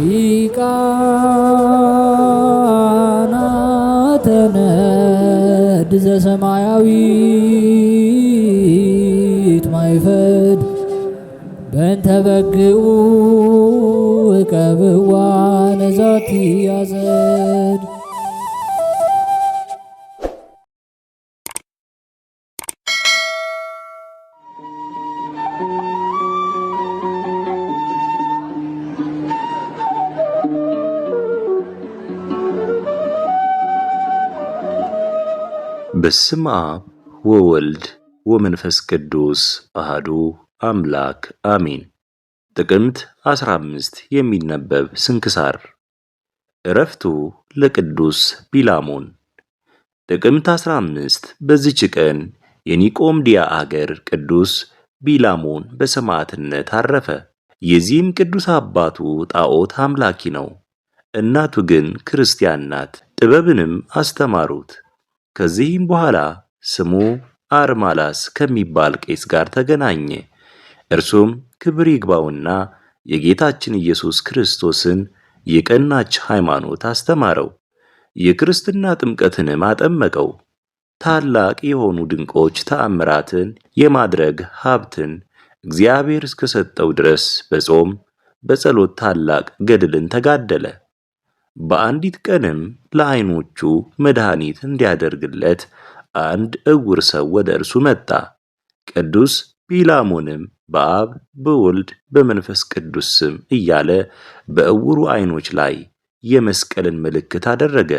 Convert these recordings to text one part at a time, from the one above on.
ሊቃና ተነድ ዘሰማያዊት ማይፈድ በእንተ በግኡ እቀብዋ ነዛቲ ያዘድ በስም አብ ወወልድ ወመንፈስ ቅዱስ አህዱ አምላክ አሜን። ጥቅምት 15 የሚነበብ ስንክሳር። እረፍቱ ለቅዱስ ቢላሞን። ጥቅምት 15 በዚች ቀን የኒቆምዲያ አገር ቅዱስ ቢላሞን በሰማዕትነት አረፈ። የዚህም ቅዱስ አባቱ ጣዖት አምላኪ ነው። እናቱ ግን ክርስቲያን ናት። ጥበብንም አስተማሩት። ከዚህም በኋላ ስሙ አርማላስ ከሚባል ቄስ ጋር ተገናኘ። እርሱም ክብር ይግባውና የጌታችን ኢየሱስ ክርስቶስን የቀናች ሃይማኖት አስተማረው። የክርስትና ጥምቀትንም አጠመቀው። ታላቅ የሆኑ ድንቆች ተአምራትን የማድረግ ሀብትን እግዚአብሔር እስከሰጠው ድረስ በጾም በጸሎት ታላቅ ገድልን ተጋደለ። በአንዲት ቀንም ለዓይኖቹ መድኃኒት እንዲያደርግለት አንድ እውር ሰው ወደ እርሱ መጣ። ቅዱስ ቢላሞንም በአብ በወልድ በመንፈስ ቅዱስ ስም እያለ በእውሩ ዓይኖች ላይ የመስቀልን ምልክት አደረገ።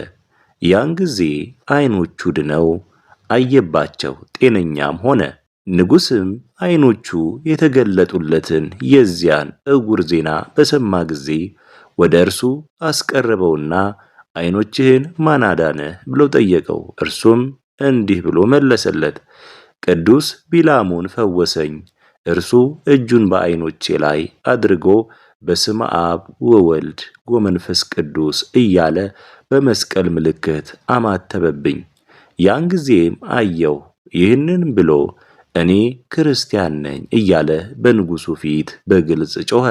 ያን ጊዜ ዓይኖቹ ድነው አየባቸው፣ ጤነኛም ሆነ። ንጉሥም ዓይኖቹ የተገለጡለትን የዚያን እውር ዜና በሰማ ጊዜ ወደ እርሱ አስቀረበውና ዓይኖችህን ማን አዳነህ ብሎ ጠየቀው። እርሱም እንዲህ ብሎ መለሰለት፣ ቅዱስ ቢላሙን ፈወሰኝ። እርሱ እጁን በዓይኖቼ ላይ አድርጎ በስመ አብ ወወልድ ወመንፈስ ቅዱስ እያለ በመስቀል ምልክት አማተበብኝ። ያን ጊዜም አየሁ። ይህንን ብሎ እኔ ክርስቲያን ነኝ እያለ በንጉሡ ፊት በግልጽ ጮኸ።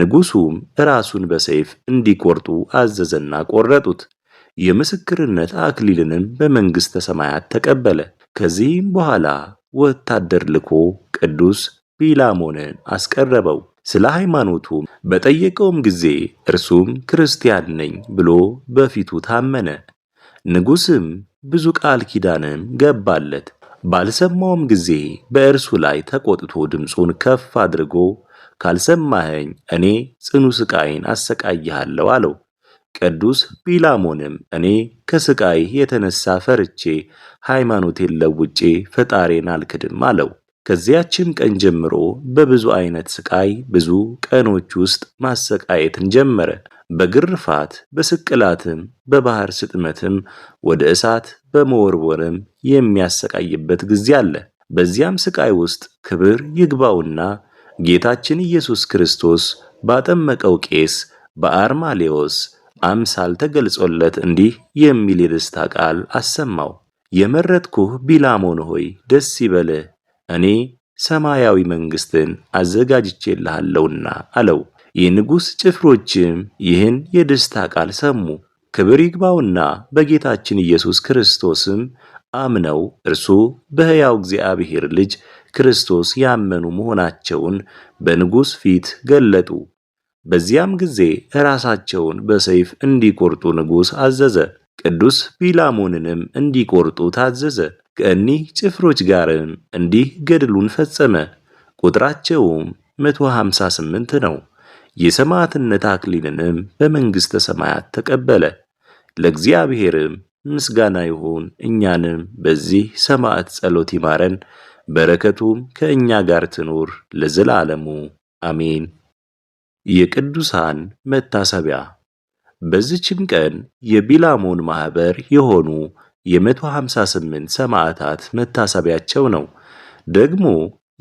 ንጉሱም ራሱን በሰይፍ እንዲቆርጡ አዘዘና ቆረጡት። የምስክርነት አክሊልንም በመንግሥተ ሰማያት ተቀበለ። ከዚህም በኋላ ወታደር ልኮ ቅዱስ ቢላሞንን አስቀረበው። ስለ ሃይማኖቱም በጠየቀውም ጊዜ እርሱም ክርስቲያን ነኝ ብሎ በፊቱ ታመነ። ንጉሥም ብዙ ቃል ኪዳንም ገባለት። ባልሰማውም ጊዜ በእርሱ ላይ ተቆጥቶ ድምፁን ከፍ አድርጎ ካልሰማኸኝ እኔ ጽኑ ስቃይን አሰቃይሃለሁ አለው። ቅዱስ ቢላሞንም እኔ ከስቃይ የተነሳ ፈርቼ ሃይማኖቴን ለውጬ ፈጣሬን አልክድም አለው። ከዚያችም ቀን ጀምሮ በብዙ አይነት ስቃይ ብዙ ቀኖች ውስጥ ማሰቃየትን ጀመረ። በግርፋት በስቅላትም በባህር ስጥመትም ወደ እሳት በመወርወርም የሚያሰቃይበት ጊዜ አለ። በዚያም ስቃይ ውስጥ ክብር ይግባውና ጌታችን ኢየሱስ ክርስቶስ ባጠመቀው ቄስ በአርማሌዎስ አምሳል ተገልጾለት እንዲህ የሚል የደስታ ቃል አሰማው። የመረጥኩህ ቢላሞን ሆይ ደስ ይበልህ፣ እኔ ሰማያዊ መንግሥትን አዘጋጅቼልሃለሁና አለው። የንጉሥ ጭፍሮችም ይህን የደስታ ቃል ሰሙ። ክብር ይግባውና በጌታችን ኢየሱስ ክርስቶስም አምነው እርሱ በሕያው እግዚአብሔር ልጅ ክርስቶስ ያመኑ መሆናቸውን በንጉሥ ፊት ገለጡ። በዚያም ጊዜ ራሳቸውን በሰይፍ እንዲቆርጡ ንጉሥ አዘዘ። ቅዱስ ቢላሞንንም እንዲቆርጡ ታዘዘ። ከእኒህ ጭፍሮች ጋርም እንዲህ ገድሉን ፈጸመ። ቁጥራቸውም 158 ነው። የሰማዕትነት አክሊልንም በመንግሥተ ሰማያት ተቀበለ። ለእግዚአብሔርም ምስጋና ይሁን። እኛንም በዚህ ሰማዕት ጸሎት ይማረን። በረከቱም ከእኛ ጋር ትኑር ለዘላለሙ አሜን። የቅዱሳን መታሰቢያ በዚችም ቀን የቢላሞን ማኅበር የሆኑ የ158 ሰማዕታት መታሰቢያቸው ነው። ደግሞ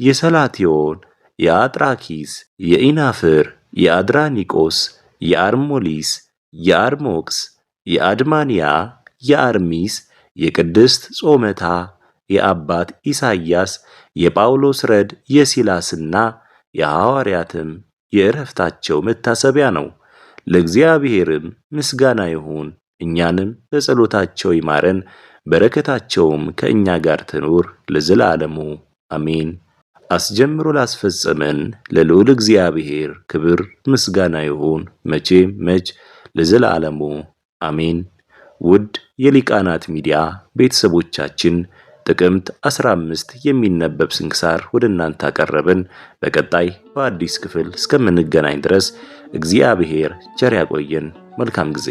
የሰላቲዮን፣ የአጥራኪስ፣ የኢናፍር፣ የአድራኒቆስ፣ የአርሞሊስ፣ የአርሞክስ፣ የአድማንያ፣ የአርሚስ፣ የቅድስት ጾመታ የአባት ኢሳይያስ የጳውሎስ ረድ የሲላስና የሐዋርያትም የዕረፍታቸው መታሰቢያ ነው። ለእግዚአብሔርም ምስጋና ይሁን። እኛንም በጸሎታቸው ይማረን፣ በረከታቸውም ከእኛ ጋር ትኑር ለዘላለሙ አሜን። አስጀምሮ ላስፈጸመን ለልዑል እግዚአብሔር ክብር ምስጋና ይሁን መቼም መች ለዘላለሙ አሜን። ውድ የሊቃናት ሚዲያ ቤተሰቦቻችን ጥቅምት 15 የሚነበብ ስንክሳር ወደ እናንተ አቀረብን። በቀጣይ በአዲስ ክፍል እስከምንገናኝ ድረስ እግዚአብሔር ቸር ያቆየን። መልካም ጊዜ